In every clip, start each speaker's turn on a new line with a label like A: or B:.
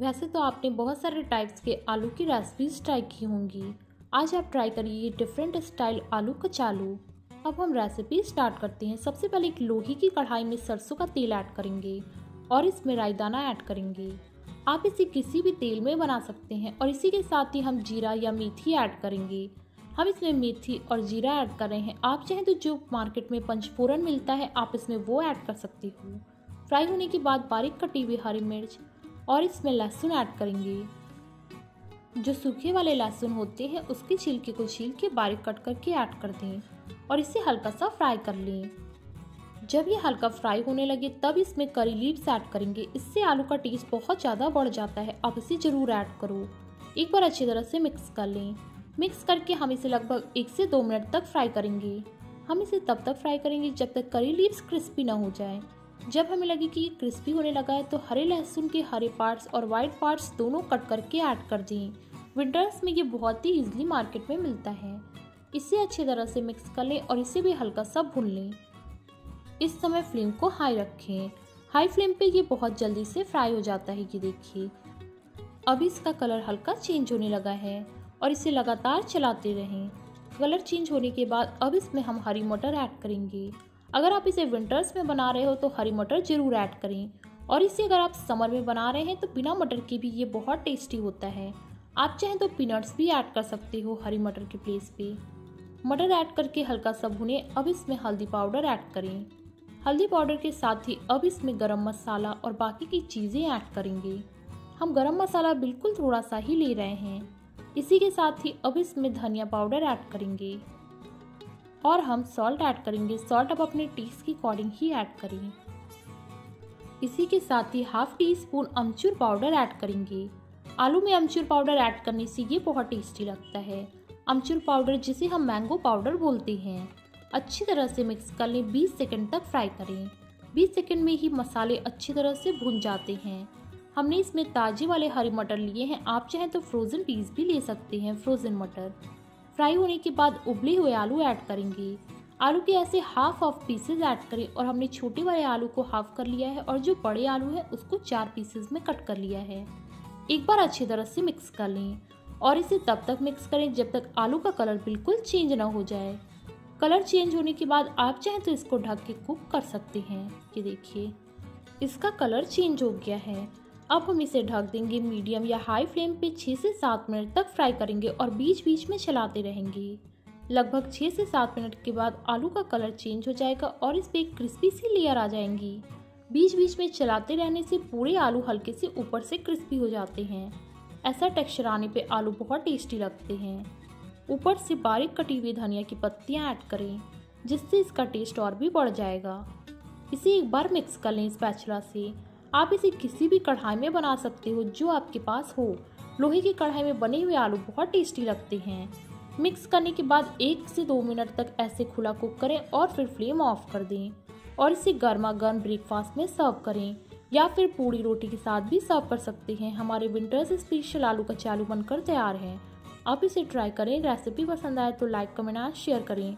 A: वैसे तो आपने बहुत सारे टाइप्स के आलू की रेसिपीज ट्राई की होंगी आज आप ट्राई करिए ये डिफरेंट स्टाइल आलू कचालू अब हम रेसिपी स्टार्ट करते हैं सबसे पहले एक लोहे की कढ़ाई में सरसों का तेल ऐड करेंगे और इसमें रायदाना ऐड करेंगे आप इसे किसी भी तेल में बना सकते हैं और इसी के साथ ही हम जीरा या मेथी ऐड करेंगे हम इसमें मेथी और जीरा ऐड कर रहे हैं आप चाहें तो जो मार्केट में पंचफोरन मिलता है आप इसमें वो ऐड कर सकते हो फ्राई होने के बाद बारीक कटी हुई हरी मिर्च और इसमें लहसुन ऐड करेंगे जो सूखे वाले लहसुन होते हैं उसके छिलके को छील के बारीक कट करके ऐड कर दें और इसे हल्का सा फ्राई कर लें जब ये हल्का फ्राई होने लगे तब इसमें करी लीव्स ऐड करेंगे इससे आलू का टेस्ट बहुत ज़्यादा बढ़ जाता है अब इसे ज़रूर ऐड करो एक बार अच्छी तरह से मिक्स कर लें मिक्स करके हम इसे लगभग एक से दो मिनट तक फ्राई करेंगे हम इसे तब तक फ्राई करेंगे जब तक करी लीव्स क्रिस्पी ना हो जाए जब हमें लगे कि ये क्रिस्पी होने लगा है तो हरे लहसुन के हरे पार्ट्स और वाइट पार्ट्स दोनों कट करके ऐड कर दें विंटर्स में ये बहुत ही ईजिली मार्केट में मिलता है इसे अच्छी तरह से मिक्स कर लें और इसे भी हल्का सा भून लें इस समय फ्लेम को हाई रखें हाई फ्लेम पे ये बहुत जल्दी से फ्राई हो जाता है ये देखिए अब इसका कलर हल्का चेंज होने लगा है और इसे लगातार चलाते रहें कलर चेंज होने के बाद अब इसमें हम हरी मटर ऐड करेंगे अगर आप इसे विंटर्स में बना रहे हो तो हरी मटर जरूर ऐड करें और इसे अगर आप समर में बना रहे हैं तो बिना मटर के भी ये बहुत टेस्टी होता है आप चाहें तो पीनट्स भी ऐड कर सकते हो हरी मटर के प्लेस पे मटर ऐड करके हल्का सा भुने अब इसमें हल्दी पाउडर ऐड करें हल्दी पाउडर के साथ ही अब इसमें गरम मसाला और बाकी की चीज़ें ऐड करेंगे हम गरम मसाला बिल्कुल थोड़ा सा ही ले रहे हैं इसी के साथ ही अब इसमें धनिया पाउडर ऐड करेंगे और हम सॉल्ट ऐड करेंगे सॉल्ट अब अपने टेस्ट के अकॉर्डिंग ही ऐड करेंगे इसी के साथ ही हाफ टी स्पून अमचूर पाउडर ऐड करेंगे आलू में अमचूर पाउडर ऐड करने से ये बहुत टेस्टी लगता है अमचूर पाउडर जिसे हम मैंगो पाउडर बोलते हैं अच्छी तरह से मिक्स कर लें बीस सेकेंड तक फ्राई करें बीस सेकेंड में ही मसाले अच्छी तरह से भून जाते हैं हमने इसमें ताजे वाले हरे मटर लिए हैं आप चाहें तो फ्रोज़न पीस भी ले सकते हैं फ्रोज़न मटर फ्राई होने के बाद उबले हुए आलू ऐड करेंगे आलू के ऐसे हाफ ऑफ पीसेज ऐड करें और हमने छोटे वाले आलू को हाफ कर लिया है और जो बड़े आलू है उसको चार पीसेज में कट कर लिया है एक बार अच्छी तरह से मिक्स कर लें और इसे तब तक मिक्स करें जब तक आलू का कलर बिल्कुल चेंज ना हो जाए कलर चेंज होने के बाद आप चाहें तो इसको ढक के कुक कर सकते हैं ये देखिए इसका कलर चेंज हो गया है अब हम इसे ढक देंगे मीडियम या हाई फ्लेम पे 6 से 7 मिनट तक फ्राई करेंगे और बीच बीच में चलाते रहेंगे लगभग 6 से 7 मिनट के बाद आलू का कलर चेंज हो जाएगा और इस पर क्रिस्पी सी लेयर आ जाएंगी बीच बीच में चलाते रहने से पूरे आलू हल्के से ऊपर से क्रिस्पी हो जाते हैं ऐसा टेक्सचर आने पे आलू बहुत टेस्टी लगते हैं ऊपर से बारीक कटी हुई धनिया की पत्तियाँ ऐड करें जिससे इसका टेस्ट और भी बढ़ जाएगा इसे एक बार मिक्स कर लें इस से आप इसे किसी भी कढ़ाई में बना सकते हो जो आपके पास हो लोहे की कढ़ाई में बने हुए आलू बहुत टेस्टी लगते हैं मिक्स करने के बाद एक से दो मिनट तक ऐसे खुला कुक करें और फिर फ्लेम ऑफ कर दें और इसे गर्मा गर्म ब्रेकफास्ट में सर्व करें या फिर पूड़ी रोटी के साथ भी सर्व कर सकते हैं हमारे विंटर्स स्पेशल आलू का चालू बनकर तैयार है आप इसे ट्राई करें रेसिपी पसंद आए तो लाइक कमेंट और शेयर करें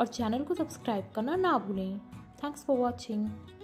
A: और चैनल को सब्सक्राइब करना ना भूलें थैंक्स फॉर वॉचिंग